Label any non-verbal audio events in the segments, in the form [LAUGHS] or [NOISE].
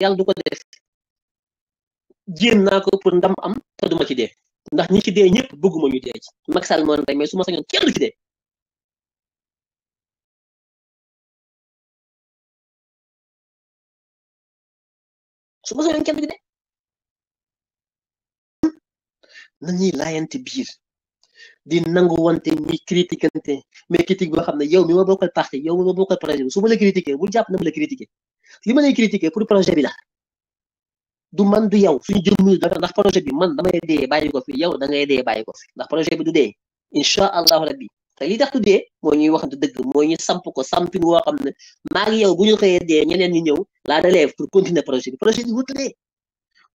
yàlla du def jéem naa ko pour ndam am te duma ci dee ndax ñi ci dee ñëpp bëgguma ñu dee ci Macky rek mais su ma sañoon kenn du ci dee su ma sañoon kenn du ci dee nañuy laayante biir di nangu wante ñi critiquante mais critique boo xam ne yow mi ma bokkal parti yow mi ma bokkal projet bi su ma la critiqué bul jàpp na ma la critiqué li ma lay critiquer pour projet bi la du man du yow suñu jëmmi dafa ndax projet bi man damay dee bàyyi ko fi yow da ngay dee bàyyi ko fi ndax projet bi du dee incha allahu rabbi te li tax du dee mooy ñuy waxante dëgg mooy samp ko sampin woo xam ne maa ngi yow bu ñu xëyee dee ñeneen ñi ñëw la relève pour continuer projet bi projet bi wut dee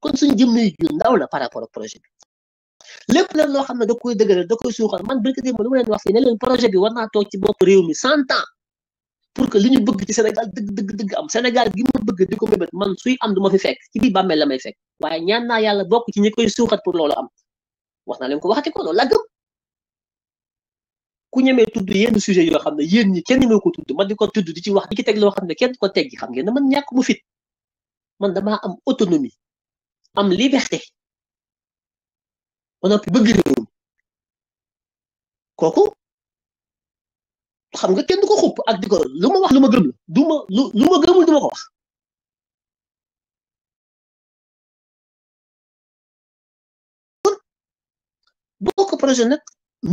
kon suñu jëmmi ju ndaw la par rapport ak projet bi lépp nag loo xam ne da koy dëgëral da koy man bëgg naa ma lu ma leen wax fii ne leen projet bi war naa toog ci bopp réew mi cent pour que li ñu bëgg ci Sénégal dëgg dëgg dëgg am Sénégal gi ma bëgg di ko mébét man suy am du ma fi fekk ci biir bàmmeel la may fekk waaye ñaan naa yàlla bokk ci ñi koy suuxat pour loolu am wax na leen ko waxati ko loolu la gëm ku ñemee tudd yenn sujet yoo xam ne yéen ñi kenn ñemee ko tudd man di ko tudd di ci wax di ci teg loo xam ne kenn ko teggi xam ngeen ne man ñàkk mu damaa am autonomie am liberté on bëgg réew xam nga kenn du ko xupp ak di ko lu ma wax lu ma gëm la du ma lu ma gëmul du ma ko wax kon bokk projet nag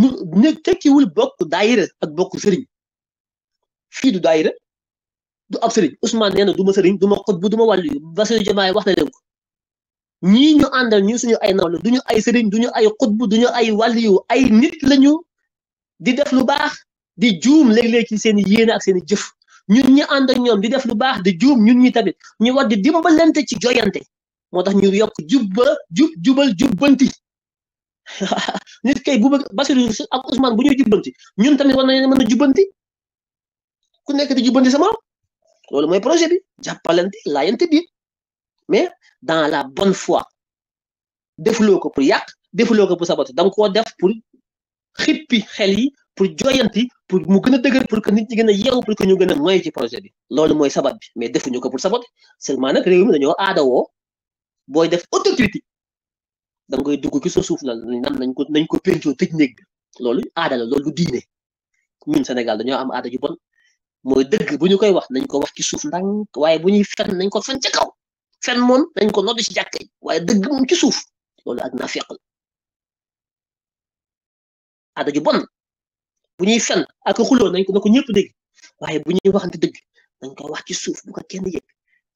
mu ne tekkiwul bokk daayira ak bokk sëriñ fii du daayira du ab sëriñ Ousmane nee na du ma sëriñ du ma xut bu du ma wàllu yu Bassirou Diomaye wax na leen ko ñii ñu àndal ñu suñu ay nawle duñu ay sëriñ duñu ay xutbu duñu ay wàllu yu ay nit lañu di def lu baax di juum léeg-léeg ci seen i yéene ak seen i jëf ñun ñi ànd ak ñoom di def lu baax di juum ñun ñi tamit ñu war di dimbalante ci joyante moo tax ñu yokk jubba jub jubal jubbanti [LAUGHS] nit kay bu bëgg Basiru ak Ousmane bu ñuy jubbanti ñun tamit war nañu mën a jubbanti ku nekk di jubbanti sama loolu mooy projet bi jàppalante laayante bi mais dans la bonne fois defuloo ko pour yàq defuloo ko pour saboter danga koo def pour xippi xel yi. pour joyanti pour mu gën a dëgër pour que nit ñi gën a yeewu pour que ñu gën a moy ci projet bi loolu mooy sabat bi mais defuñu ko pour saboter seulement nag réew mi dañoo aadawoo booy def autocritique da koy dugg ci sa suuf la nan nañ ko nañ ko pencoo tëj néeg bi loolu aada la diine ñun Sénégal dañoo am aada ju bon mooy dëgg bu ñu koy wax nañ ko wax ci suuf ndànk waaye bu ñuy fen nañ ko fen ca kaw fen moom nañ ko nodd ci jàkka yi waaye dëgg moom ci suuf loolu ak naa feq la aada bon bu ñuy fen ak xuloo nañ ko na ko ñëpp dégg waaye bu ñuy waxante dëgg nañ ko wax ci suuf bu ko kenn yëg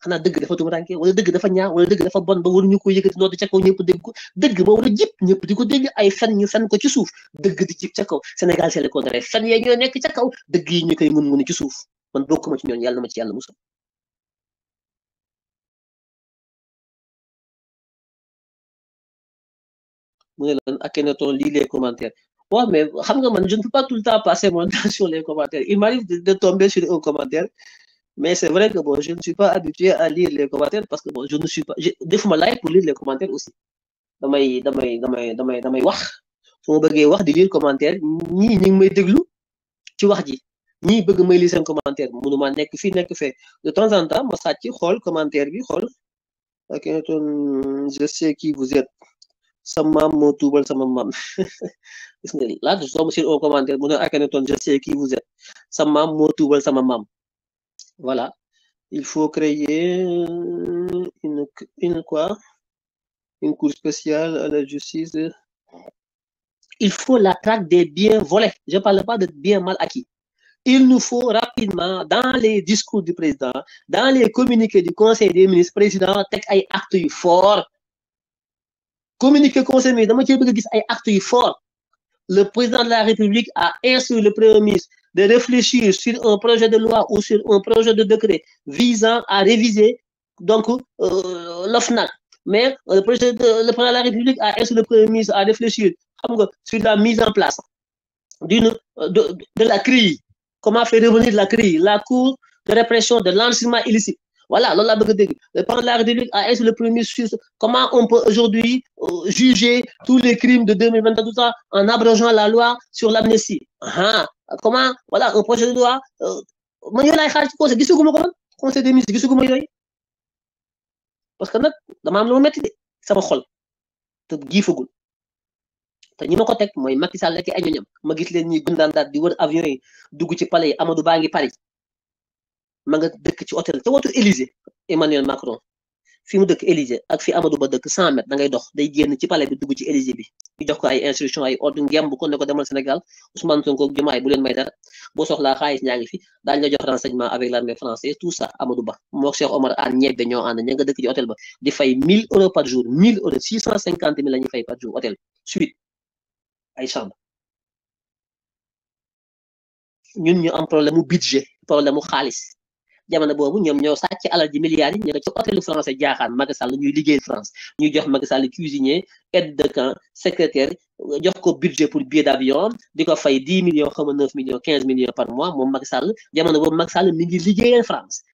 xanaa dëgg dafa tumurànke wala dëgg dafa ñaaw wala dëgg dafa bon ba waruñu ko yëkkati noonu kaw ñëpp dégg ko dëgg ba war ñëpp di ko dégg ay fen ñu ko ci suuf dëgg di jip ca kaw Sénégal ko le contraire fen yee nekk ca kaw dëgg yi ñu koy mun munu ci suuf man bokkuma ci ñooñu yàlla na ma ci yàlla musal mu ne leen ak Ouais, mais je ne peux pas tout le temps passer mon temps [LAUGHS] sur les commentaires. Il m'arrive de, tomber sur un commentaire, mais c'est vrai que bon, je ne suis pas habitué à lire les commentaires parce que bon, je ne suis pas. Des fois, je pour lire les commentaires aussi. Dans mes, dans mes, dans mes, dans mes, dans mes wax. je wax, de lire les commentaires, ni ni me déglou, tu wax dit. Ni beug may lire un commentaire mënu ma fi nek fe de temps en temps ma ci xool commentaire bi xool je sais qui vous êtes sa maam sama [LAUGHS] Là, je la au commentaire je sais qui vous êtes sa mam voilà il faut créer euh, une quoi une cour spéciale à la justice il faut la traque des biens volés je ne parle pas de biens mal acquis il nous faut rapidement dans les discours du président dans les communiqués du conseil des ministres président teg ay actes fort communiqué conseil des ministres, cee veux a gis acte fort le président de la République a insu le Premier ministre de réfléchir sur un projet de loi ou sur un projet de décret visant à réviser donc euh, l'OFNAC. Mais euh, le, président de la République a instruit le Premier ministre à réfléchir sur la mise en place euh, de, la crise. Comment faire revenir la crise, la Cour de répression de l'enseignement illicite. Voilà, loolu laa bëgg dégg le la République a été le premier suisse, comment on peut aujourd'hui euh, juger tous les crimes de 2022 tout ça en abrogeant la loi sur l'amnistie hein? comment voilà un projet de loi euh, ma ñëw laay xaar ci conseil gisagu ma ko conseil des ministres gisagu ma yooyu parce que nag dama am lu ma métti de sama xol te giifagul te ñi ma ko teg mooy Macky Sall ak ay ñam ma gis leen ñi gëndaan di wër avion yi dugg ci palais yi Amadou Ba Paris ma nga dëkk ci hôtel te watu Élysée Emmanuel Macron fi mu dëkk Élysée ak fi Amadou Ba dëkk cent mètres da ngay dox day génn ci palais bi dugg ci Élysée bi ñu jox ko ay instruction ay ordre ngemb ko ne ko demal Sénégal Ousmane Sonko ak Diomaye bu leen may dara boo soxlaa xaalis ñaa ngi fi daañu la jox renseignement avec l'armée française tout ça Amadou Ba mook Cheikh Omar Anne ñebbe ñoo ànd ña nga dëkk ci hôtel ba di fay mille euros par jour mille euros six cent cinquante ay chambre ñu am problème mu budget problème mu xaalis jamono boobu ñoom ñoo sàcc alal ji milliards yi ñu ko ci hôtelu français jaaxaan Macky Sall ñuy liggéey France ñu jox Macky Sall cuisinier aide de camp secrétaire jox ko budget pour billet d'avion di ko fay dix millions xama neuf millions quinze millions par mois moom Macky Sall jamono boobu Macky Sall mi ngi liggéeyal France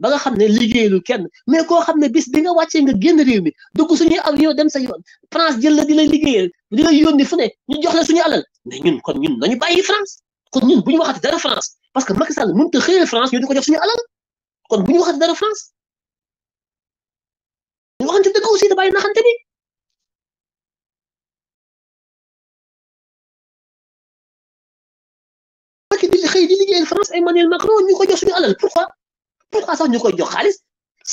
باغا خامني ليغي لو كين مي كو خامني بيس ديغا واتي nga ген ريومي دوكو سوني افيون ديم سا يون فرانس ديال لا ديلا ليغي ديلا يوني فني ني جوخ لا سوني علال مي نين كون نين ناني باي فرانس كون نين بو نيوخات دارا فرانس باسكو ماكسال مونت خير فرانس يوني كو جوخ سوني علال كون بو نيوخات دارا فرانس وانت دكو سي باي نخانتني ولكن اللي خير اللي جاي فرنسا ايمانويل ماكرون يخرج سوني علال بوكو pourquoi sax ñu koy jox xaalis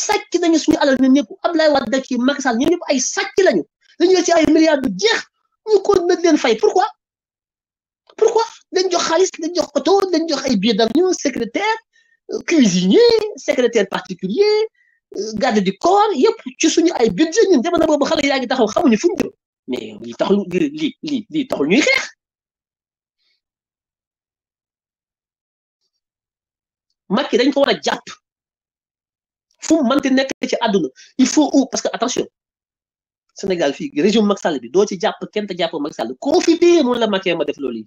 sàcc nañu suñu alal ñun ñëpp Abdoulaye Wade da ci Macky Sall ñun ñëpp ay sàcc lañu dañu yor ci ay milliards bu jeex ñu ko nag leen fay pourquoi pourquoi dañ jox xaalis dañ jox oto dañ jox ay billets d'avion secrétaire euh, cuisinier secrétaire particulier euh, garde du corps yëpp ci suñu ay budget ñun jamono boobu xale yaa ngi taxaw xamuñu fu ñu jëm mais li taxul li li li taxul ñuy xeex Macky dañ ko war a jàpp fu mu mënti nekk ci aduna il faut ou parce que attention Sénégal fi régime Macky bi do ci japp kenn te jàppoo Macky Sall fi téye mun la Macky ma def loolu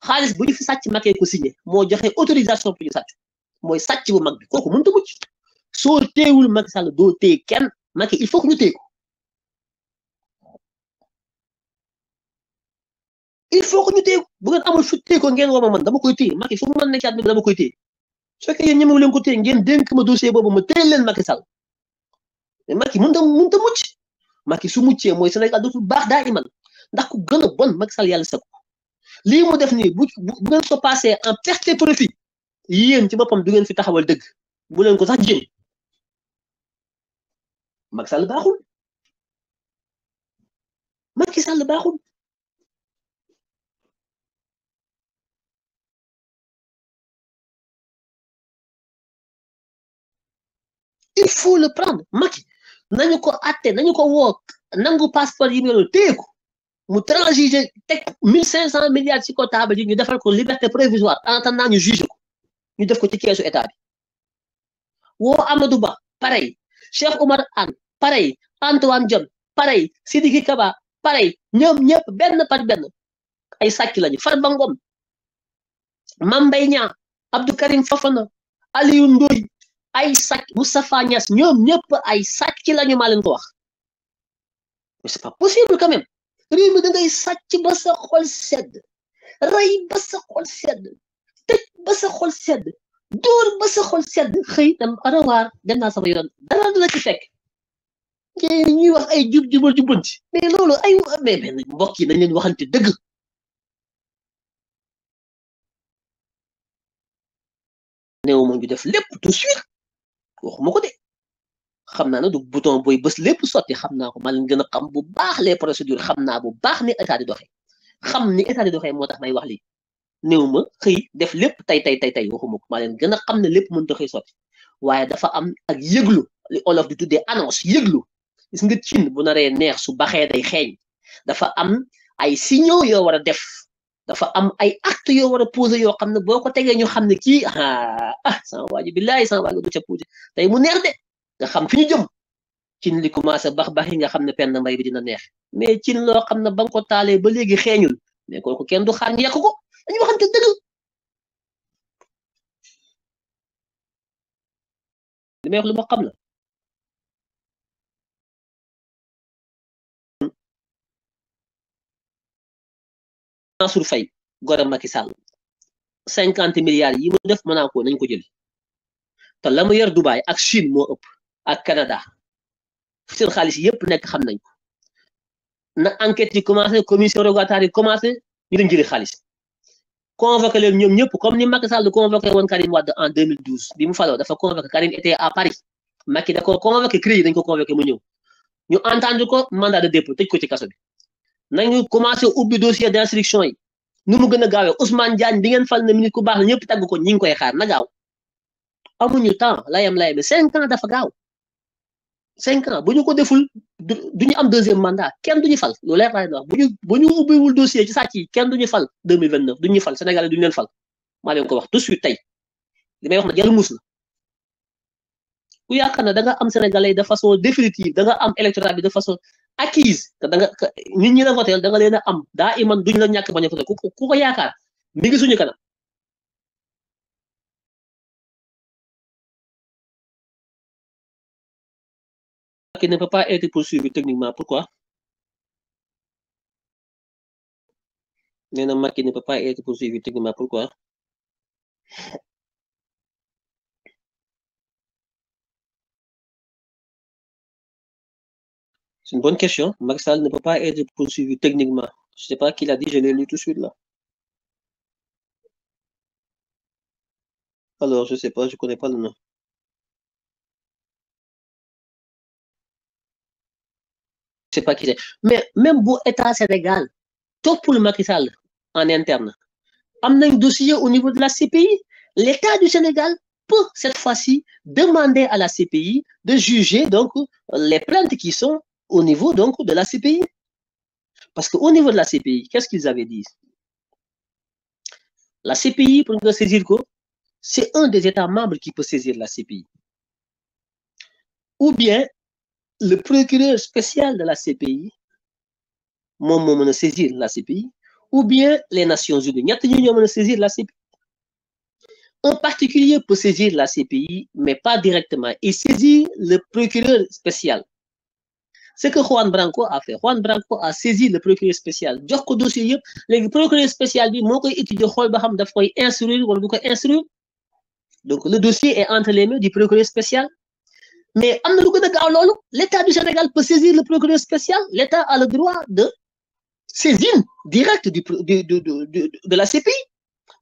khalis bu ñu fi sàcc Macky ko signé mo joxé autorisation pour ñu sàcc mooy sàcc bu mag bi kooku mën a mucc soo téewul Macky do té téye kenn il faut ñu téye ko il faut ñu téye bu ngeen amul fu téye ko ngeen wama man dama koy té Macky fu mu mën nekk ci aduna dama koy té su fekkee yéen ñemewu leen ko téye ngeen dénk ma dossier boobu ma téye leen Macky Sall mais Macky mënut a mënut a mucc Macky su muccee mooy Sénégal dootul baax daa iman ndax ku gën a bon Macky Sall yàlla seko lii mu def ni bu bu ngeen ko passé en perte et profit yéen ci boppam du ngeen fi taxawal dëgg bu leen ko sax jéem Macky Sall baaxul Macky Sall i faut le prendre Macky nañu ko atte nañu ko woo nangu passeport yi melu téyeku mu transiger teg mille milliards ci ko taabal ji ñu defal ko liberté provisoire en attendant ñu juge ko ñu def ko ci keesu état bi woo Amadou Ba pareil Cheikh Oumar Anne pareil Antoine Diome pareil Sidiki Kaba pareil ñoom ñëpp ben par ben ay sàcc lañu Farba Ngom Mame Mbaye Niang Abdou Karim Fofana Aliou Ndoye ay sàcc Moustapha Niass ñoom ñëpp ay sàcc lañu maa leen ko wax mais possible quand même réew mi ba sa xol sedd rey ba sa xol sedd tëj ba sa xol sedd dóor ba sa xol sedd xëy dem arawaar dem naa sama yoon dara du la ci fekk ñuy wax ay jub jubal jubanti mais loolu ay mais benn mbokk yi nañ leen waxante dëgg néew ma def lépp tout de waxuma ko de xam naa ne du bouton booy bés lépp sotti xam naa ko maa leen gën a xam bu baax les procédures xam naa bu baax ni état di doxee xam ni état di doxee moo tax may wax lii néew ma xëy def lépp tey tey tey tey waxuma ko maa leen gën a xam ne lépp mën doxee sotti waaye dafa am ak yëglu li olof di tuddee annonce yëglu gis nga cin bu naree neex su baxee day xeeñ dafa am ay signaux yoo war a def dafa am ay actes yoo war a posé yoo xam ne boo ko tegee ñu xam ne kii ah ah sama waa ji billaay sama waa ca puuje tey mu neex de nga xam fi ñu jëm cin li commencé bax bax yi nga xam ne penn mbay bi dina neex mais cin loo xam ne ba nga ko taalee ba léegi xeeñul mais kooku kenn du xaar ñu yàq ko dañu waxante dëgg li may wax lu ma xam la Mansour Faye goro Macky Sall cinquante milliards yi mu def Monaco nañ ko jël te la mu yor Dubaï ak Chine moo ëpp ak Canada seen xaalis yëpp nekk xam nañ ko na enquête yi commencé commission rogatoire yi commencé ñu dem jëli xaalis convoqué leen ñoom ñëpp comme ni Macky Sall convoqué woon Karim Wade en 2012 bi mu faloo dafa convoqué Karim était à Paris Macky da ko convoqué CREI ko convoqué mu ñëw ñu entendre ko mandat de dépôt tëj ko ci kaso bi. nañu commencé ubbi dossier d' instruction yi nu mu gën a gaawee Ousmane bi ngeen fal ne nit ku baax la ñëpp tagg ko ñi ngi koy xaar na gaaw amuñu temps layam layam bi cinq ans dafa gaaw cinq ans bu ñu ko deful du ñu am deuxième mandat kenn du fal lu leer laay wax bu ñu bu ñu ubbiwul dossier ci sàcc yi kenn du ñu fal deux mille vingt neuf du fal Sénégalais du ñu leen fal maa leen ko wax tout de suite tey li may wax na jël muus la ku yaakaar ne da nga am Sénégalais de façon définitive da nga am électorat bi de façon acquise te da nga da nga leen a am daa iman du la ñàkk bañ a voté ku ko yaakaar mi ngi suñu kanam qui ne peut pas être techniquement pourquoi nee na Macky ne peut pas être poursuivi techniquement pourquoi C'est une bonne question. Sall ne peut pas être poursuivi techniquement. Je ne sais pas qui l'a dit, je l'ai lu tout de suite là. Alors, je ne sais pas, je ne connais pas le nom. Je ne sais pas qui c'est. Mais même pour l'État Sénégal, tout pour le Macky Sall en interne, amener un dossier au niveau de la CPI, l'État du Sénégal peut cette fois-ci demander à la CPI de juger donc les plaintes qui sont au niveau donc de la CPI. Parce qu'au niveau de la CPI, qu'est-ce qu'ils avaient dit La CPI, pour nous saisir quoi C'est un des États membres qui peut saisir la CPI. Ou bien le procureur spécial de la CPI, mon moment saisir la CPI, ou bien les Nations Unies. de saisir la CPI. En particulier pour saisir la CPI, mais pas directement. Il saisit le procureur spécial ce que Juan Branco a fait Juan Branco a saisi le procureur spécial Il a dossier procureur spécial bi moo koy étudier xool ba xam daf koy instruire wala donc le dossier est entre les mains du procureur spécial mais am na l'État du Sénégal peut saisir le procureur spécial l'État a le droit de saisir direct du de la CPI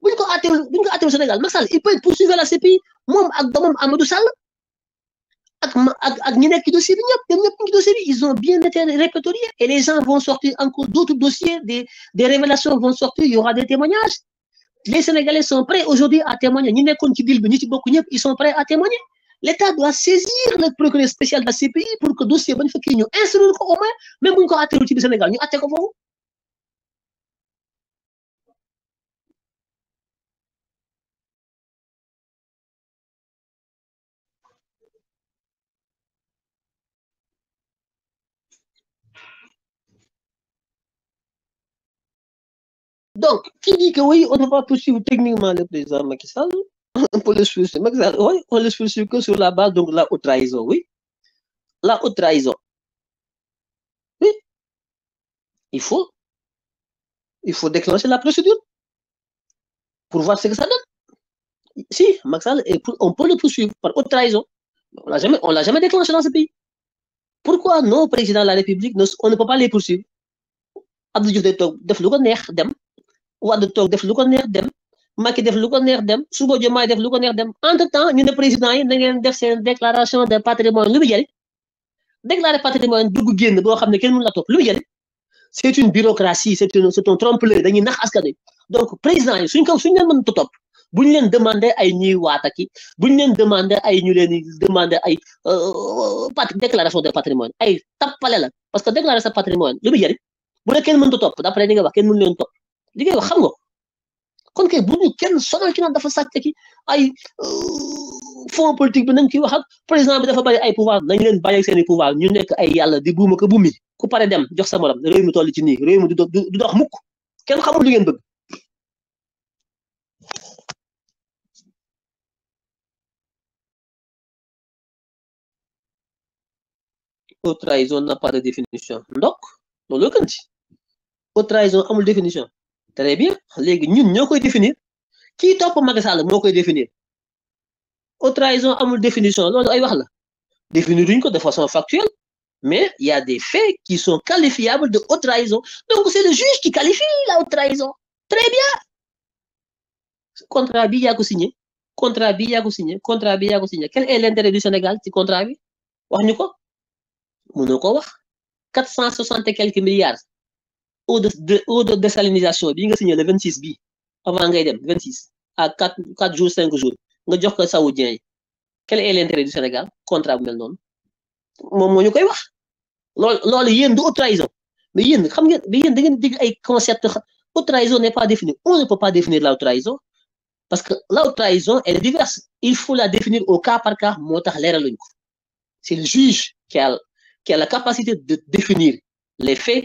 bu ko àtteewul bu ko Sénégal Macky Sall il peut poursuivre la CPI moom ak Amadou dossier ils ont bien été répertoriés et les gens vont sortir encore d'autres dossiers des des révélations vont sortir il y aura des témoignages les Sénégalais sont prêts aujourd'hui à témoigner ils sont prêts à témoigner l'État doit saisir le procureur spécial de la CPI pour que le dossier soit fa au moins même si ko atteewul ci bi Sénégal Donc, qui dit que oui, on ne va pas poursuivre techniquement le président Macky Sall [LAUGHS] pour le poursuivre Macky Sall, oui, on le poursuit que sur la base donc la haute trahison, oui. La haute trahison. Oui. Il faut, il faut déclencher la procédure pour voir ce que ça donne. Si, Macky Sall, on peut le poursuivre par haute trahison. On ne l'a jamais déclenché dans ce pays. Pourquoi nos président de la République, on ne peut pas les poursuivre Abdou Diouf Wade tok def lu ko neex dem maki def lu ko neex dem suba Diomaye def lu ko neex dem entre temps ñu ne président yi na ngeen def seen déclaration de patrimoine lu mu jëriñ déclaré patrimoine dugg génn boo xam ne kenn mënu la top. lu mu jëriñ c' est une bureaucratie c' est une c' est un trompe-l'œil dañuy nax askan donc président yi suñ ko suñ leen mën a topp bu leen demandé ay ñuy waataki bu buñ leen demandé ay ñu leen demandé ay euh, euh, déclaration de patrimoine ay tappale la parce que déclarer sa patrimoine lu mu jëriñ bu ne kenn mënut a topp d' après li nga wax kenn mënu leen topp. li ngay xam nga kon kay bu ñu kenn dafa sàcc ki ay fond politique bi nañ ciy wax ak président dafa bari ay pouvoir nañ leen bàyyi seen i pouvoir ñu nekk ay yàlla di buuma ko bumi ku pare dem jox sa morom réew mi toll ci nii réew mi du du dox mukk kenn xamul li ngeen bëgg. haute trahison n'a pas de définition ndok loolu la gën ci trahison amul définition. très bien nous ñun ñoo définit, définir est top Macky Sall moo koy définir haute trahison amul définition loolu ay wax la définir ko de façon factuelle mais il y a des faits qui sont qualifiables de haute trahison donc c'est le juge qui qualifie la haute trahison très bien contrat bi ya ko signé contrat bi ya ko signé contrat bi ya ko signé quel est l'intérêt du Sénégal ci contrat bi wax ñu ko wax 460 et quelques milliards eau de de désalinisation bi nga signé le 26 bi avant ngay dem 26 à 4 4 jours 5 jours nga jox ko saoudiens quel est l'intérêt du Sénégal contrat bu mel non ne moñu pas koy wax loolu loolu du trahison mais yeen xam nga mais yeen da ngeen dig ay concept la trahison n'est pas définie on ne peut pas définir la trahison parce que la trahison elle est diverse il faut la définir au cas par cas motax tax ko c'est le juge qui a qui a la capacité de définir les faits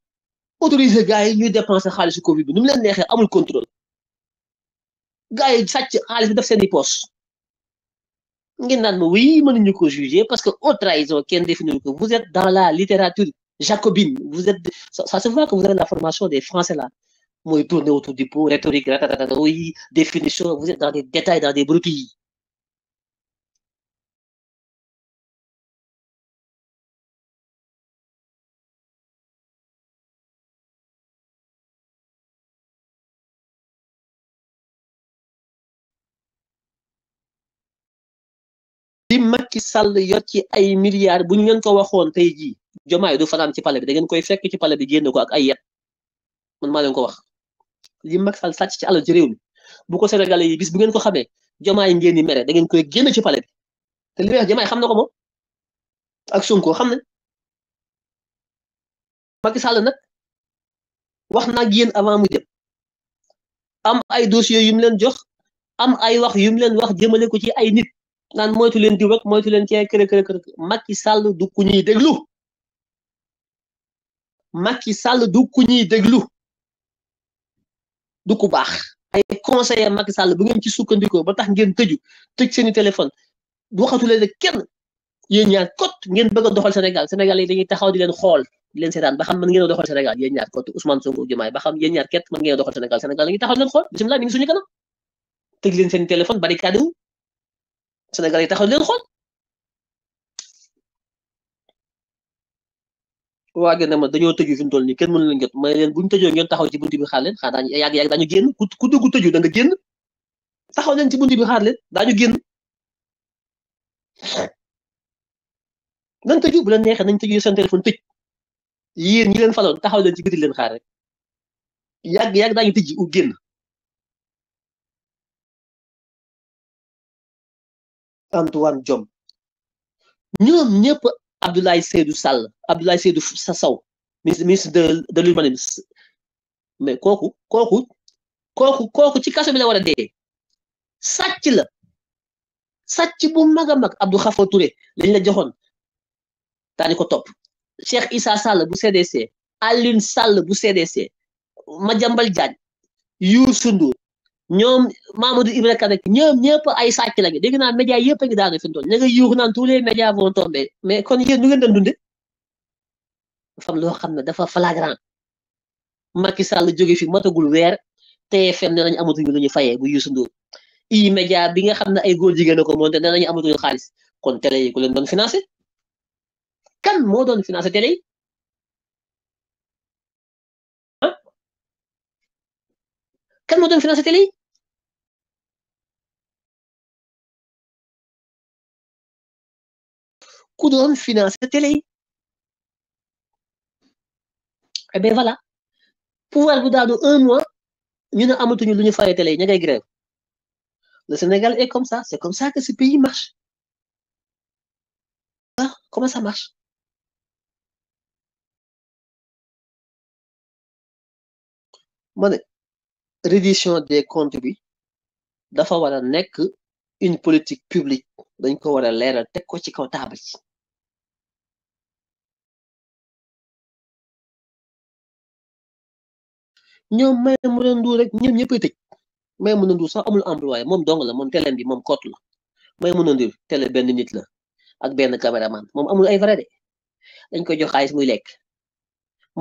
autoriser gars yi ñu dépenser xaalis Covid bi nu nous leen neexee amul contrôle gars yi sàcc xaalis bi def seen i poche ngeen naan ma oui ñu ko juger parce que haute trahison kenn définir que vous êtes dans la littérature jacobine vous êtes ça se voit que vous avez la formation des français là Vous tourner autour du pot rhétorique oui définition vous êtes dans des détails dans des broutilles Sall yor ci ay milliards bu ñu leen ko waxoon tey jii yi du fanaan ci pale bi da ngeen koy fekk ci pale bi génn ko ak ay yet man leen ko wax li Macky Sall sàcc ci alal ci bu ko Sénégalais yi bis bu ngeen ko xamee jomaay ngeen di mere da ngeen koy génn ci pale bi te li may xam na ko moom ak Sonko xam nañ Macky Sall nag wax na ak yéen avant mu dem am ay dossiers yu mu leen jox am ay wax yu mu leen wax jëmale ko ci ay nit. naan moytu leen diw rek moytu leen cee kër kër kër Macky Sall du ku ñuy déglu Macky Sall du ku ñuy déglu du ku baax ay conseiller Macky Sall bu ngeen ci sukkandikoo ba tax ngeen tëju tëj seeni téléphone waxatu leen ak kenn yéen ñaar kot ngeen bëgg a doxal Sénégal Sénégal yi dañuy taxaw di leen xool di leen seetaan ba xam mën ngeen a doxal ñaar kot Ousmane Sonko Diomaye ba xam yéen ket mën ngeen a doxal Sénégal Sénégal dañuy taxaw leen xool bisimilah mi ngi kanam tëj leen seen téléphone barricade wu Sénégal yi taxaw leen xool waa gën ma dañoo tëju fi mu toll nii kenn mënu leen jot may leen bu ñu tëjoo ngeen taxaw ci buntu bi xaar leen xaar daañu yàgg yàgg daañu génn ku ku dugg tëju da nga génn taxaw leen ci buntu bi xaar leen daañu génn nañ tëju bu leen neexee nañ tëju seen téléphone tëj yéen ñi leen faloon taxaw leen ci biti leen xaar rek yàgg yàgg daañu tëj u génn. Antoine Diome ñoom ñëpp Abdoulaye Seydou Sall Abdoulaye Seydou Sow ministre de de l'urbanisme mais kooku kooku kooku kooku ci kaso bi la war a dee sàcc la sàcc bu mag a mag Abdou Khafor Touré lañ la joxoon daani ko topp Cheikh Issa Sall bu CDC Alioune Sall bu CDC Madiambal Diagne Youssou Ndour ñoom Mamadou Ibra Kane ñoom ñëpp ay sàcc lañu dégg naa média yëpp a ngi daanu fi mu toll ñu ngi yuuxu naan tous les médias vont tomber mais kon yéen ñu ngeen doon dunde dafa am loo xam ne dafa flagrant Macky Sall jóge fi matagul weer te nee nañu amatuñu lu ñu fayee bu Youssou Ndour i média bi nga xam ne ay góor jigéen a ko monté nee nañu xaalis kon télé yi ku leen doon financé kan moo doon financé télé moo doon yi de financer télé Eh et bien voilà pouvoir le un mois nous avons amatuñu lu ñu la télé nous avons grève le Sénégal est comme ça c'est comme ça que ce pays marche ah, comment ça marche ma des comptes bi dafa que une politique publique dañ ko ñoom may mu ne Ndour rek ñoom ñëppay tëj may mun ne Ndour sax amul employé moom dong la moom télé bi moom kott la may mu a Ndour télé benn nit la ak benn caméraman moom amul ay vrai dañ koy jox xaalis muy lekk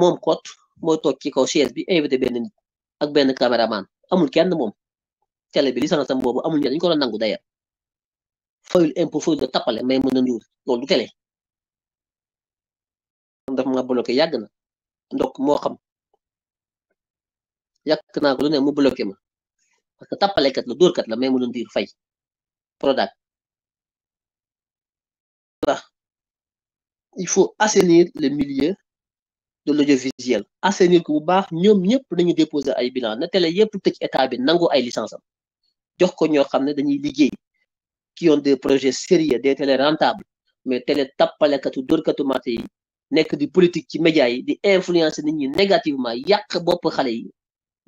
moom kott moo toog ci kaw chaise bi invité benn ak benn caméraman amul kenn moom télé bi licence am boobu amul ñe dañu ko nangu daya fayul impôt fayul de tappale may mu ne Ndour loolu du télé. daf ma yàgg na ndok moo xam. yak na ko lu ne mu bloqué ma parce que tappalekat la dóorkat la mais mu doon diir fay Prodac il faut assainir le milieu de l'audiovisuel assainir ko bu baax ñom ñëpp dañu déposer ay bilan na télé yëpp tecc état bi nangu ay licence am jox ko ño xam dañuy liggéey qui ont des projets sérieux des télé rentables mais télé tappalekatu dóorkatu maté yi nekk di politique ci média yi di influencer nit ñi négativement yak bop xalé yi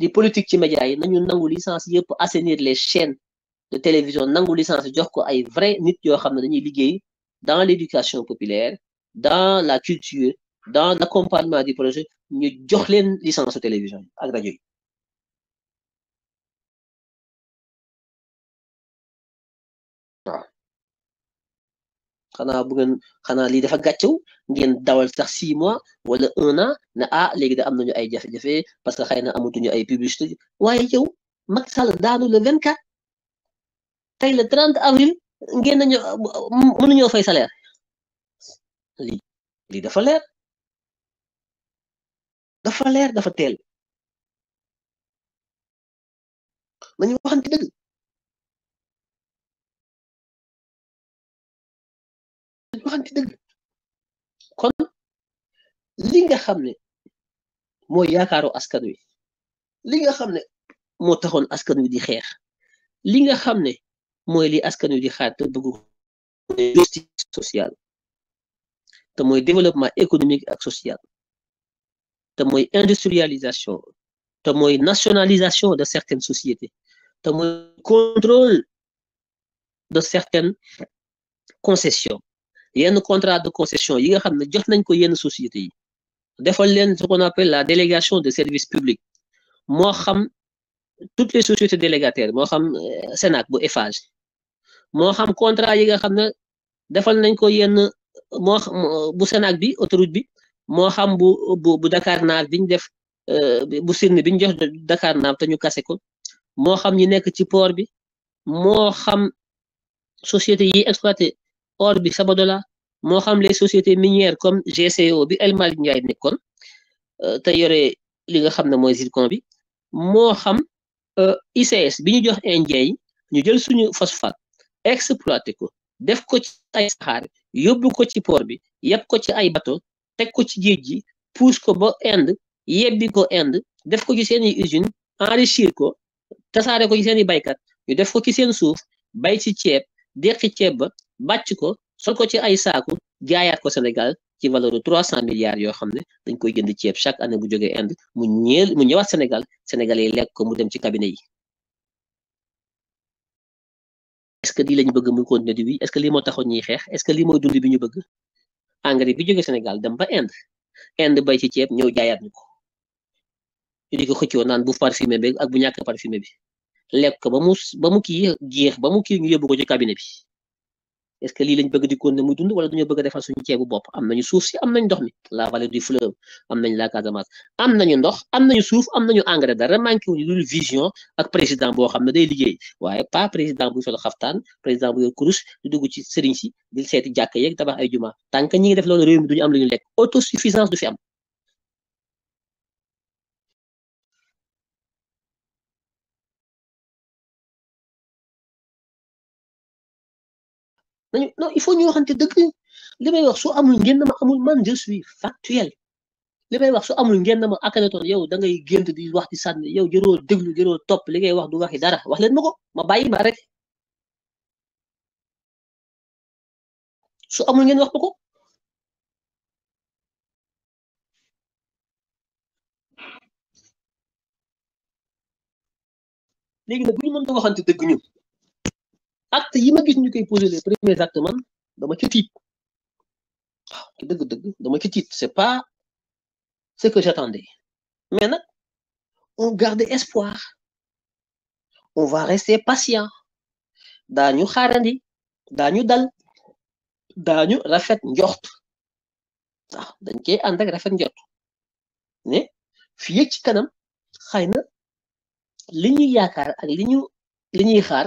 di politiques ci média licence assainir les chaînes de télévision licence jox ko vrai nit dans l'éducation populaire dans la culture dans l'accompagnement des projets ñu jox licence télévision ak xanaa bu xanaa lii dafa gàccew ngeen dawal sax si mois wala un an ne ah léegi da am nañu ay jafe-jafe parce que xëy na amatuñu ay publicité waaye yow Macky Sall daanu le vingt quatre tey le trente avril ngeen nañu mënuñoo fay salaire lii lii dafa leer dafa leer dafa teel nañu waxante dëgg waxante dëgg kon li nga xam ne mooy yaakaaru askan wi li nga xam ne moo taxoon askan wi di xeex li nga xam ne mooy li askan wi di xaat te bëgg justice sociale te mooy développement économique ak social te mooy industrialisation te mooy nationalisation de certaines société te mooy contrôle de certaines concessions yenn contrat de concession yi nga xam ne nañ ko société yi defal leen ce qu'on appelle la délégation de services publics. xam toutes les sociétés délégataires moo xam euh, senac bu y moo xam contrat yi nga xam defal nañ ko yenn moo euh, bu senac bi autoroute bi moo xam bu bu bu def euh, bu ñu société yi or bi Sabodala moo xam les sociétés minières comme GCO bi El Malick Ndiaye nekkoon euh, te yore li nga xam ne mooy zircon bi moo xam euh, ICS bi ñu jox indien yi ñu jël suñu phosphate exploité ko def ko ci ay saxaar yóbbu ko ci port bi yeb ko ci ay bateau teg ko ci géej gi pousse ko ba Inde yebbi ko Inde def ko ci seeni usine enrichir ko tasaare ko ci seeni baykat ñu def ko ci seen suuf bay ci ceeb deqi ceeb ba bacc ko sol ko ci ay saaku jaayaat ko Sénégal ci valeur 300 milliards yo xamne dañ koy jënd ci chaque année bu joggé Inde mu ñeel mu ñëwaat Sénégal sénégalais yi lek ko mu dem ci cabinet yi est-ce que lii lañ bëgg mu continuer di wi est-ce que li mo taxo ñi xex est-ce que li mo dund bi ñu bëgg engrais bi joggé Sénégal dem ba Inde Inde bay ci ceeb ñëw jaayaat ñuko ko ñu di ko xëccoo naan bu parfumé bi ak bu ñàkk parfumé bi lek ko ba mu ba mu ki jeex ba mu ki ñu yóbbu ko ci cabinet bi est que lii lañ bëgg di continuer muy dund wala duñu bëgg a defal suñu ceebu bopp am nañu suuf si am nañ ndox mi la vallée du fleuve am nañ la Casamance am nañu ndox am nañu suuf am nañu engrais dara manqué wuñu lu vision ak président boo xam ne day liggéey waaye pas président buy solo xaftaan président bu yor kurus di dugg ci sëriñ si di seeti jàkk yeeg tabax ay juma tant que ngi def loolu réew mi duñu am lu ñu lekk autosuffisance du fi am nañu non il faut ñu waxante dëgg li may wax su amul ngeen na amul man je suis factuel li may wax su amul ngeen na ma Akhenaton yow da ngay gént di wax di sànni yow jëroo déglu jëroo topp li ngay wax du waxi dara wax leen ko ma bayi ma rek su amul ngeen wax ma ko léegi ñu mën a waxante dëgg ñun acte yi ma gis ñu koy poser les premiers actes man dama ci tiit waaw ci dëgg-dëgg dama ci tiit c'est pas ce que j'attendais mais nak on garde espoir on va rester patient xarandi da ñu dal ñu rafet njort sax dañ cey ànd ak rafet njort ne fi ci kanam xayna liñu yaakar ak liñu liñuy xaar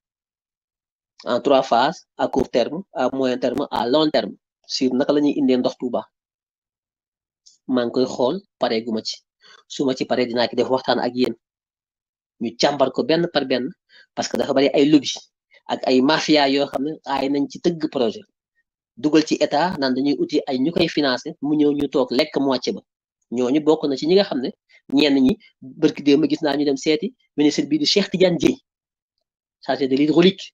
en ah, trois phases à court terme à moyen terme à long terme si naka lañuy indé ndox Touba maa ngi koy xol paré guma ci suma ci paré dina ki def waxtan ak yeen ñu càmbar ko ben par ben parce que dafa bari ay lobby ak ay mafia yo xamné ay nañ ci teug projet dugal ci état nan dañuy uti ay ñukay financer mu ñew ñu tok lek moitié ba ñoñu bokku na ci ñi nga xamné ñen ñi barki démb gis na ñu dem séti ministre bi di Cheikh Tidiane ça c'est de l'hydraulique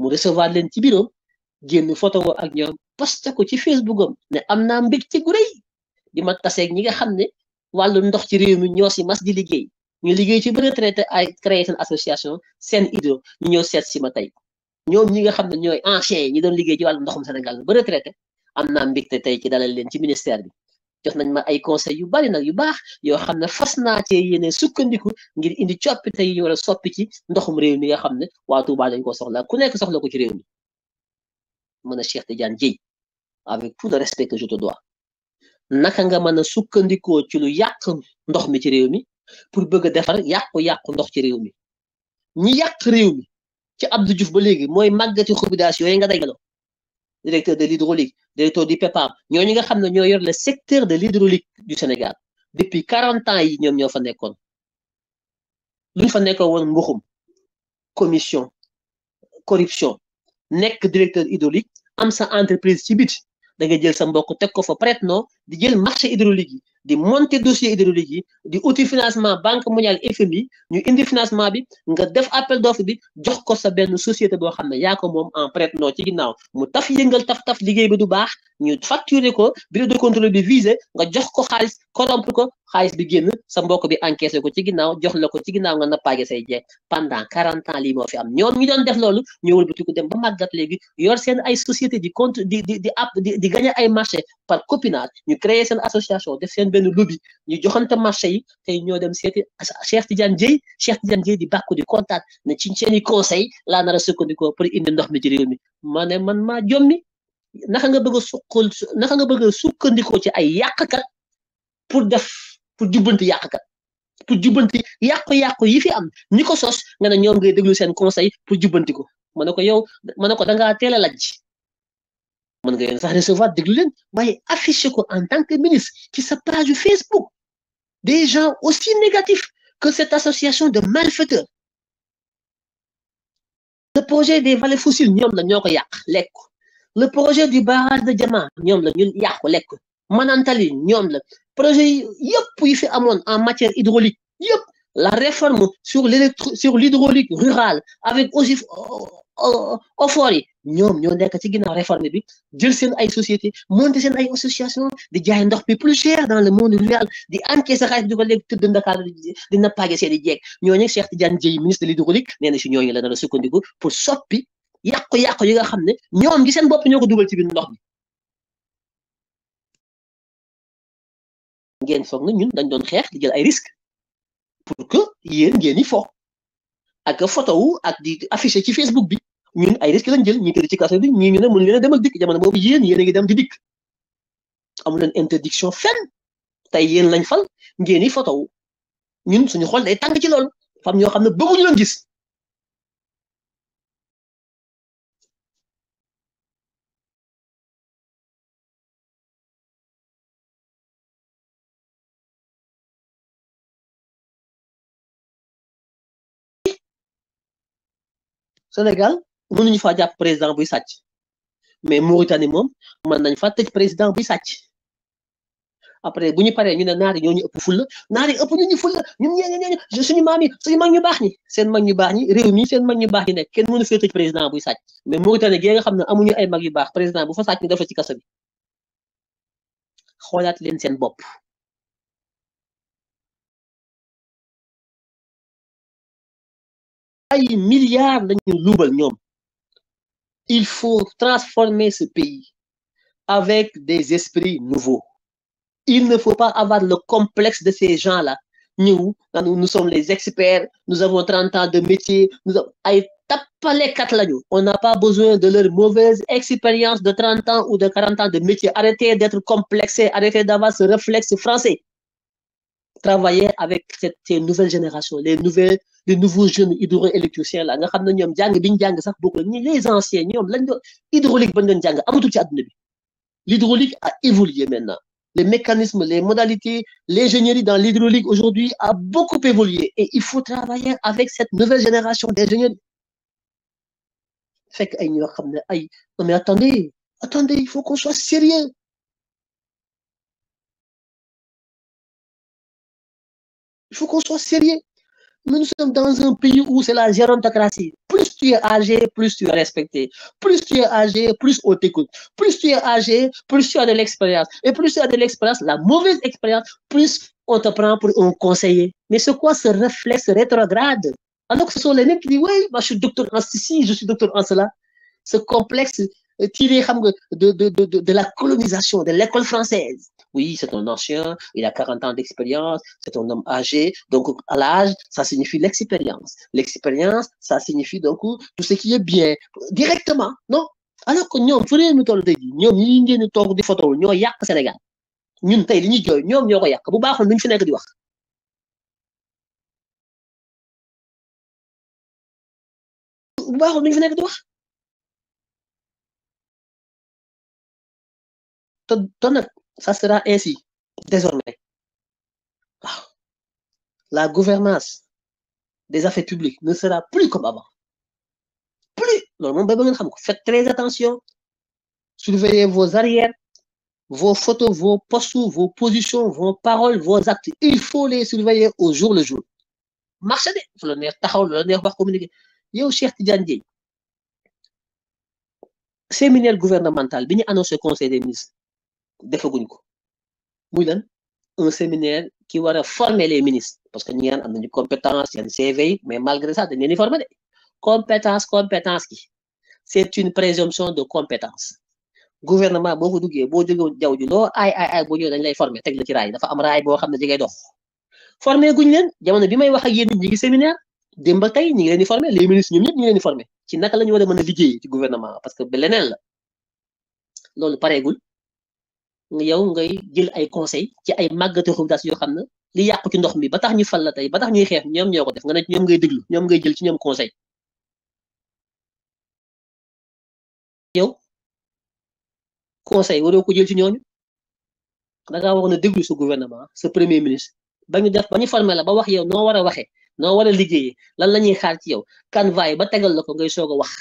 mu recevoir leen ci bureau génn photo ak ñoom posté ko ci Facebook am ne am naa mbégte gu rëy di ma taseeg ñi nga xam ne wàllu ndox ci réew mi ñoo si mas di liggéey ñu liggéey ci ba retraité ay créé seen association seen ido ñu ñëw seet si ma tey ñoom ñi nga xam ne ñooy anciens yi ñi doon liggéey ci wàllu ndoxum Sénégal ba retraité am naa mbégte tey ci dalal leen ci ministère bi jox nañ ma ay conseil yu bari nag yu baax yoo xam ne fas naa cee yéene sukkandiku ngir indi coppite yi wala soppi ci ndoxum réew mi nga xam ne waa Touba dañ ko soxla ku nekk soxla ko ci réew mi mën a Cheikh Tidiane Dièye avec tout le respect naka nga mën a sukkandikoo ci lu yàq ndox mi ci réew mi pour bëgg a defar yàqu-yàqu ndox ci réew mi ñi yàq réew mi ci Abdou Diouf ba léegi mooy màggati xobidaas yooyu nga dajaloo directeur de l'hydraulique directeur du PEPAM nous nga le secteur de l'hydraulique du Sénégal depuis 40 ans nous avons ñoo fa Nous fa commission corruption nekk directeur hydraulique am sa entreprise ci da nga jël sa mbokk ko fa marché hydraulique di monter dossier hydraulique yi di outil financement banque mondiale FMI ñu indi financement bi nga def appel d'offres bi jox ko sa ben société bo xamné ya ko mom en prêt non ci ginnaw, mu taf yëngal taf taf liggéey bi du baax ñu facturer ko bureau de contrôle bi visé nga jox ko xaalis corrompre ko xaliss bi génn sa mbokk bi encaissé ko ci ginnaw, jox la ko ci ginnaw nga nappaage say jeex pendant 40 ans li moo fi am Ñoon ñu doon def lolu, loolu ñu wëlbatiku dem ba màggat légui, yor seen ay société di compte di di di app di di gagner ay marché par copinage ñu créer seen association def seen benn lobby ñu joxante marché yi tey ñoo dem seeti Cheikh Tidiane Dièye Cheikh Tidiane Dièye di bàkku di kontaan ne ci seeni conseil laa nar a sukkandikoo pour indi ndox mi ci réew mi ma man maa jommi naka nga bëgg a sukkal naka nga bëgg a sukkandikoo ci ay yàqkat pour def pour jubbanti yàqkat pour jubbanti yàqu-yàqu yi fi am ñi ko sos nga ne ñoom ngay déglu seen conseil pour jubbanti ko ne ko yow ma ne ko dangaa teel a lajj On nga recevoir des leen en tant que ministre ci sa page Facebook des gens aussi négatifs que cette association de malfaiteurs le projet des vallées fossiles la le projet du barrage de Diamant, la Manantali ñoom projet en matière hydraulique la réforme sur l'électro, sur l'hydraulique rurale avec aussi euh, euh, Ofor yi ñoom ñoo nek ci ginnaaw réforme bi jël seen ay société monter seen ay association di jaay ndox bi plus cher dans le monde rural di encaisser sa di ko léegi tëdd Ndakaar di na nappaage seen i ñoo ñooñu Cheikh Tidiane djey ministre de l'hydraulique néna ci ñoo ñooñu la dara sukkandiku pour soppi yàqu-yàqu yi nga xamné ñom gi seen bop ñoko ko dugal ci biir ndox bi. ngeen fogg na ñun dañ doon xeex di jël ay risques. pour que yéen ngeen di fo a photo wu ak di affiché ci Facebook bi ñun ay risque lañ jël ñi tëdd ci kaso bi ñii ñu ne mënu leen a dem ak dikk jamono boobu yéen yéen a ngi dem di dikk amu leen interdiction fenn tey yéen lañ fal ngeen di photo wu ñun suñu xol day tàng ci loolu fam ñoo xam ne bëgguñu leen gis Sénégal mënuñu faa jàpp président buy sàcc mais Mauritanie moom mën nañ faa tëj président buy sàcc après bu ñu paree ñu ne naar yi ñoo ñu ëpp fulla naar yi ëpp ñu ñu fulla ñun ñee ñee suñu maam yi suñu mag ñu baax ñi seen mag ñu baax réew mi seen mag ñu baax ñi nekk kenn mënu fee président buy sàcc mais Mauritanie gee nga xam ne amuñu ay mag yu baax président bu fa sàcc ñu def la ci bi xoolaat leen seen bopp milliards de nouveaux il faut transformer ce pays avec des esprits nouveaux il ne faut pas avoir le complexe de ces gens-là nous, nous sommes les experts nous avons 30 ans de métier nous les quatre lañu on n'a pas besoin de leur mauvaise expérience de 30 ans ou de 40 ans de métier arrêtez d'être complexé arrêtez d'avoir ce réflexe français travailler avec cette, nouvelle génération, les, nouvelles, les nouveaux jeunes hydroélectriciens là nga les anciens hydraulique l'hydraulique a évolué maintenant les mécanismes, les modalités, l'ingénierie dans l'hydraulique aujourd'hui a beaucoup évolué et il faut travailler avec cette nouvelle génération d'ingénieurs. que, mais attendez, attendez, il faut qu'on soit sérieux. Il faut qu'on soit sérieux. nous sommes dans un pays où c'est la gérontocratie. Plus tu es âgé, plus tu es respecté. Plus tu es âgé, plus on t'écoute. Plus tu es âgé, plus tu as de l'expérience. Et plus tu as de l'expérience, la mauvaise expérience, plus on te prend pour un conseiller. Mais c'est quoi ce réflexe rétrograde Alors que ce sont les mecs qui disent, oui, moi, je suis docteur en ceci, je suis docteur en cela. Ce complexe tiré de la colonisation, de l'école française. Oui, c'est un ancien, il a 40 ans d'expérience, c'est un homme âgé. Donc, à l'âge, ça signifie l'expérience. L'expérience, ça signifie donc tout ce qui est bien, directement, non alors que nous nous nous nous nous Nous Sénégal Nous nous nous nous Nous bu nous ça sera ainsi désormais. La gouvernance des affaires publiques ne sera plus comme avant. Plus. Faites très attention. Surveillez vos arrières, vos photos, vos postures, vos positions, vos paroles, vos actes. Il faut les surveiller au jour le jour. Marchez. Le nerf, le nerf, communiquer. Yo, cher Séminaire gouvernemental, bien annonce le Conseil des ministres defaguñ ko muy lan un séminaire qui war a former les ministres parce que ñi ngeen am nañu compétence yenn CV mais malgré ça dañ leen former de compétence compétence ki c'est une présomption de compétence gouvernement boo ko bo boo jógee jaww ji ay aay aay aay boo dañ lay former teg la ci raay dafa am raay bo xam ne ngay dox former guñ leen jamono bi may wax ak yéen ñi ngi séminaire demba tay ñi ngi leen di former les ministres ñoom ñëpp ñi ngi leen di former ci naka lañu wara war a liggéey ci gouvernement parce que ba leneen la loolu pareegul nga yow ngay jël ay conseil ci ay màggati xubidaas yoo xam ne li yàqu ci ndox mi ba tax ñu fal la tey ba tax ñuy xeex ñoom ñoo ko def nga ne ñoom ngay déglu ñoom ngay jël ci ñoom conseil yow conseil waroo ko jël ci ñooñu da ngaa wax ne déglu sa gouvernement sa premier ministre ba ñu def ba ñu formé la ba wax yow noo war a waxee noo war a liggéeyee lan la ñuy xaar ci yow canevas yi ba tegal la ko ngay soog a wax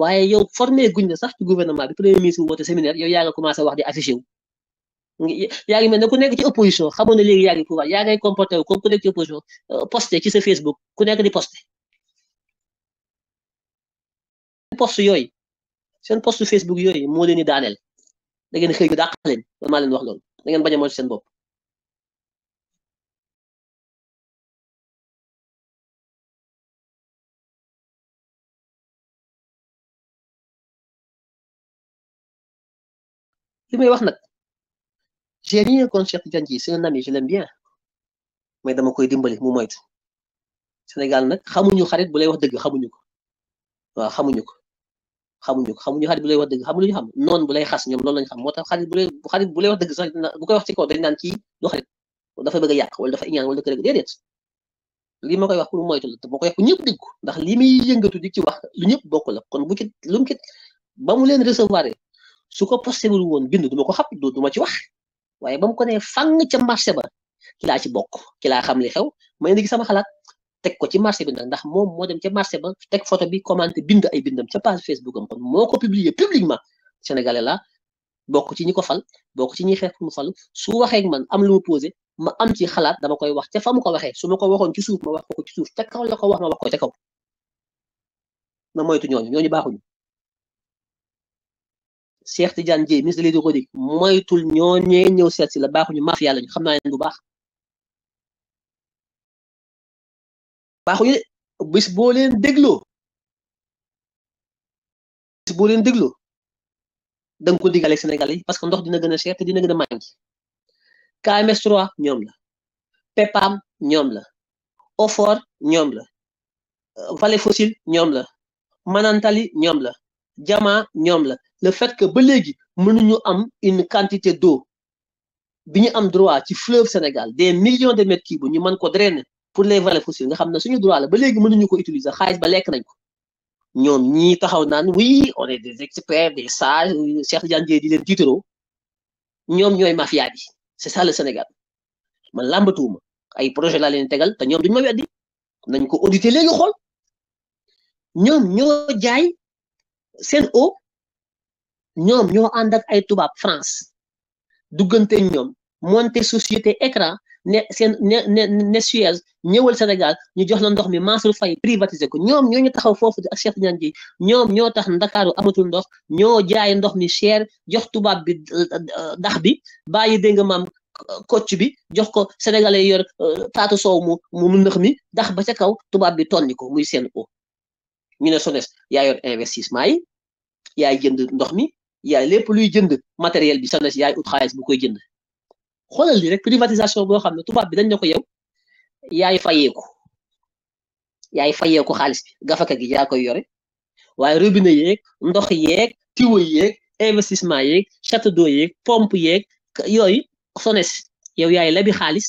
waaye yow formé guñ la sax ci gouvernement bi premier ministre woote séminaire yow yaa nga commencé wax di affiché wu yaa ngi mel ne ku nekk ci opposition xamoon na léegi yaa ngi pouvoir yaa ngay comporté wu comme ku nekk ci opposition euh, posté ci sa Facebook ku nekk di posté seen post yooyu seen post Facebook yooyu moo leen di daaneel da ngeen xëy dàq leen man maa leen wax loolu da ngeen bañ a seen bopp. wax nag. j'ai rien contre Cheikh Tidiane Dièye c'est un ami je l'aime bien mais dama koy dimbali mu moytu Sénégal nag xamuñu xarit bu wax dëgg xamuñu ko waaw xamuñu ko ko xamuñu xarit bu lay wax dëgg xamuñu xam noonu bu lay xas ñoom loolu lañ xam moo tax xarit bu bu lay wax dëgg sax bu koy wax ci kaw dañ naan kii du xarit dafa bëgg a yàq wala dafa iñaan wala dafa rek déedéet lii ma koy wax pour moytu la te ma koy wax ku ñëpp dégg ko ndax lii muy yëngatu di ci wax lu ñëpp bokk la kon bu ci lu ba mu leen recevoir su ko posté wul woon bind du ma ko du ma ci wax waaye ba mu ko nee fang ca marché ba ki laa ci bokk ki laa xam li xew may indi sama xalaat teg ko ci marché bi nag ndax moom moo dem ca marché ba teg photo bi commenté bind ay bindam ca page Facebook am kon moo ko publier publiquement sénégalais la bokk ci ñi ko fal bokk ci ñi xeex mu fal su waxee man am lu mu posé ma am ci xalaat dama koy wax ca fa mu ko waxee su ma ko waxoon ci suuf ma wax ko ci suuf ca kaw la ko wax ma wax ko te kaw na moytu ñooñu ñooñu baaxuñu Cheikh Tidiane Dièye ministre de l'hydraulique moytul ñoo ñëw seet la baaxuñu mafia lañu xam naa leen bu baax baaxuñu bis boo leen dégloo bis boo leen dégloo da ko digale Sénégal yi parce que ndox dina gën a cher te dina gën a manqué ñoom la PEPAM ñoom la OFOR ñoom la Vallée Fossile ñoom la Manantali ñoom la Jama ñoom la le fait que ba léegi mënuñu am une quantité d'eau bi ñu am droit ci fleuve Sénégal des millions de mètres cubes ñu mën ko drainer pour les vallées fossiles nga xam ne suñu droit la ba léegi mënuñu ko utiliser xaalis ba lekk nañ ko ñoom ñi taxaw naan oui on est des experts des sages Cheikh Tidiane di leen titro ñoom ñooy mafia bi c'est ça le Sénégal man lambatuuma ay projet laa leen tegal te ñoom duñu ma weddi nañ ko auditer léegi xool ñoom ñoo jaay seen eau ñoom ñoo ànd ak ay tubaab France duggante ñoom monté société écran ne seen ñëwal Sénégal ñu jox la ndox mi Mansour Faye privatisé ko ñoom ñoo ñu taxaw foofu ak Cheikh Tidiane ji ñoom ñoo tax Ndakaaru amatu ndox ñoo jaay ndox mi cher jox tubaab bi euh, euh, dax bi bàyyi dégg nga maam bi jox ko sénégalais yor euh, taatu soow mu mu nëx mi dax ba ca kaw tubaab bi ni ko muy seen o ñu ne SONES yaa yor investissement yi yaay jënd ndox mi. yaay lépp luy jënd matériel bi soxna si yaay ut xaalis bu koy jënd xoolal li rek privatisation boo xam ne tubaab bi dañ ne ko yow yaay fayeeku yaay fayeeku xaalis bi gafaka gi yaa koy yore waaye robinet yeeg ndox yeeg tiwo yeeg investissement yeeg château d'eau yeeg pompe yeeg yooyu sones yow yaay labi xaalis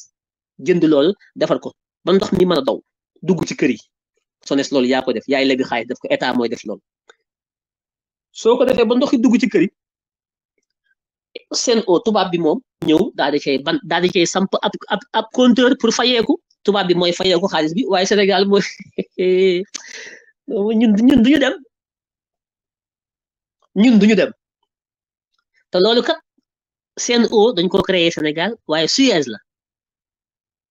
jënd lool defar ko ba ndox mi mën a daw dugg ci kër yi sones loolu yaa ko def yaay labi xaalis def ko état mooy def loolu soo ko defee ba ndox yi dugg ci kër yi seen o tubaab bi moom ñëw daal di ban daal di samp ab ab ab compteur pour fayeeku tubaab bi mooy fayeeku xaalis bi waaye Sénégal mooy [LAUGHS] ñun ñun duñu dem ñun duñu dem te loolu ka seen o dañ ko créé Sénégal waaye Suez la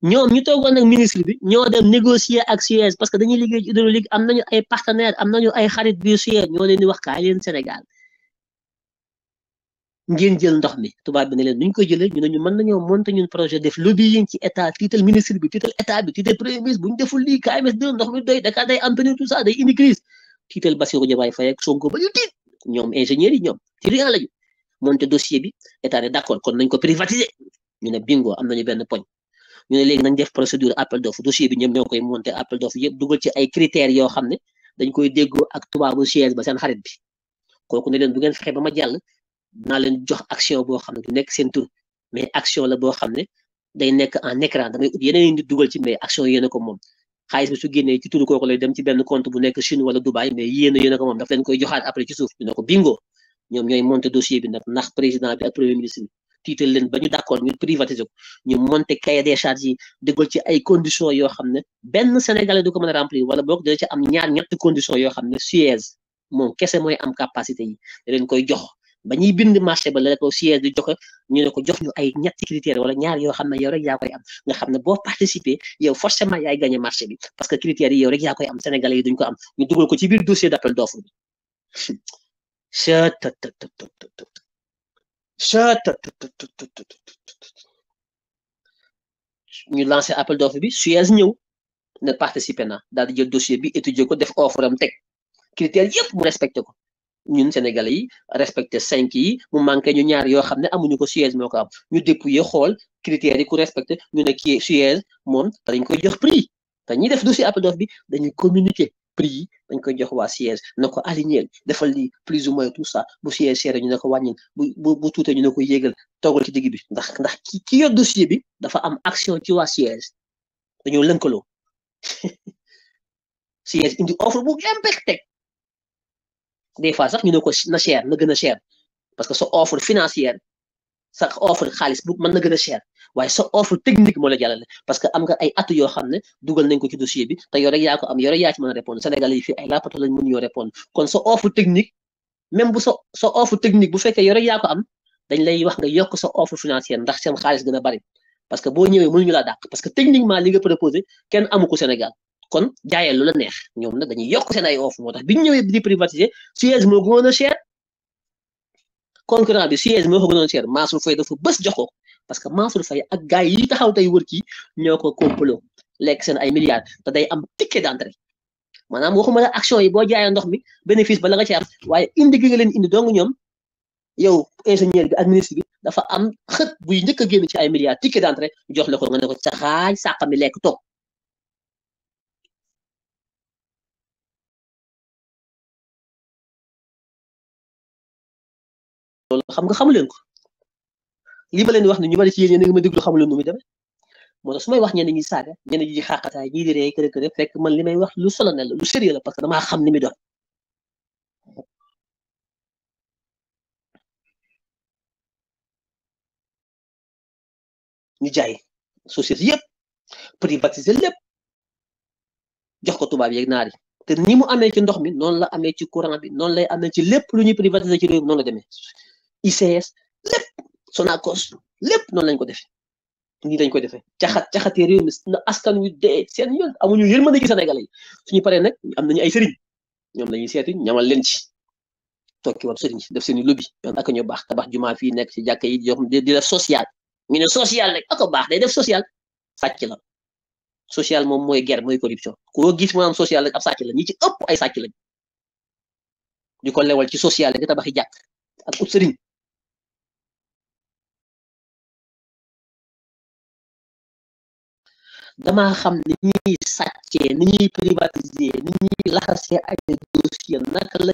ñoom ñu toogoon ak ministre bi ñoo dem négocier ak Suez parce que dañuy liggéey ci hydraulique am nañu ay partenaire am nañu ay xarit biir Suez ñoo leen di wax kaay leen Sénégal ngeen jël ndox mi tubaab bi ne leen nu ñu koy jëlee ñu ne ñu mën nañoo monter ñun projet def lobbying ci état tiital ministre bi bi tiital premier ministre bu ñu deful lii KMS deux ndox mi doy Dakar day empêcher tout ça day indi crise tiital Bassirou Diomaye Faye Sonko ba tiit ñoom ingénieurs yi ñoom ci li lañu monter dossier bi état ne d'accord kon nañ ko privatiser ñu ne bingoo am nañu benn poñ. ñu ne nañ def procédure appel d'offre dossier bi ñoom ñoo koy monter appel d'offre yëpp dugal ci ay critères yoo xam ne dañ koy déggoo ak tubaabu siège ba seen xarit bi kooku ne leen bu ngeen fexe ba ma jàll naa leen jox action boo xam ne du nekk seen tur mais action la boo xam ne day nekk en écran damay ut yeneen dugal ci mais action yéena ko moom xaalis bi su génnee ci turu kooku lay dem ci benn compte bu nekk Chine wala Dubaï mais yéen ko moom daf leen koy joxaat après ci suuf ñu ne ko bingo ñoom ñooy monter président bi ak tiital leen ba ñu d'accord ñu privatiser ko ñu monter cahier des charges yi dëggal ci ay conditions yoo xam ne benn sénégalais du ko mën a remplir wala boog dina ci am ñaar ñetti conditions ba ñuy bind marché ba la ko Suez di ko jox ñu ay ñetti critères wala ñaar yoo xam ne yow rek yaa koy am nga xam ne boo participer yow forcément yaay gagné marché bi parce que critères yow rek yaa koy am sénégalais yi duñ ko am ñu dugal ko ci biir dossier d'appel d'offre chata ñu lancé appel d'offre bi Suez ñëw ne participer na daal di jël dossier bi étudier ko def offre am teg critères yëpp mu respecté ko ñun Sénégalais yi respecté cinq yi mu manqué ñu ñaar yoo xam ne amuñu ko Suez moo ko am ñu dépouillé xool critères yi ku respecté ñu ne kii Suez moom dañ koy jox prix te ñuy def dossier appel d'offre bi dañuy communiqué prix yi dañ koy jox waa siège na ko aligneel defal lii plus ou moins tout ça bu siège seere ñu ne ko wàññil bu bu tuutee ñu ne ko yéegal toogal ci digg bi ndax ndax ki ki yor dossier bi dafa am action ci waa siège dañoo lënkaloo [LAUGHS] siège indi offre bu impec teg des fois sax ñu ne ko na cher na gën a cher parce que so offre financière sa offre xaalis bu mën na gën a cher waaye so offre technique moo la jàllale parce que am nga ay at yoo xam ne dugal nañ ko ci dossier bi te yow rek yaa ko am yow rek yaa ci mën a répondre Sénégalais yi fii ay rapporteur lañ mën yoo répondre kon sa offre technique même bu sa sa technique bu fekkee yow rek yaa ko am dañ lay wax nga yokk sa offre financière ndax seen xaalis gën a bari parce que boo ñëwee mënuñu laa dàq parce que techniquement li nga proposé kenn amu Sénégal kon jaayee lu la neex ñoom nag dañuy yokk seen ay offre moo tax bi ñu ñëwee di privatiser Suez moo a bi Suez moo ko gënoon cher Mansour Faye dafa parce que Mansour Faye ak gars yi taxaw tey wër kii ñoo ko complot lekk seen ay milliards te day am ticket d'entrée maanaam waxuma la action yi boo jaayee ndox mi bénéfice ba la nga ci am indi leen indi dong ñoom yow ingénieur bi ak ministre dafa am xët buy njëkk ci ay milliards ticket d'entrée jox la ko nga ne sàq mi lekk toog. loolu xam nga xamu leen ko. li wax ne ñu bari ci yéen nga ma déglu xamul nu muy demee moo tax su may wax ñenn ñi saaga ñenn ñi xaqataay ñii di ree kër kër fekk man li may wax lu solennel la lu sérieux la parce que damaa xam ni mi doon jaay société yëpp privatiser lépp jox ko tubaab yeeg naar yi te ni mu amee ci ndox mi noonu la amee ci courant bi noonu lay amee ci lépp lu ñuy privatiser ci réew mi noonu la demee ICS lépp Sonacos lépp noonu lañ ko defee nii lañ ko defee caxat caxatee réew mi na askan wi dee seen yoon amuñu yërmande gi Sénégalais yi suñu paree nag am nañu ay sëriñ ñoom lañuy seeti ñamal leen ci tokki wat sëriñ def seen i lobby yoon ak ñu baax tabax jumaa fii nekk ci jàkka yi di def social ñu ne social rek ako baax day def social sàcc la social moom mooy guerre mooy corruption koo gis mu am social rek ab sàcc la ñi ci ëpp ay sàcc lañ di ko lewal ci social rek tabaxi jàkk ak ut damaa xam ni ñuy sàccee ni ñuy privatiser ni ñuy laxasee ay dossier naka la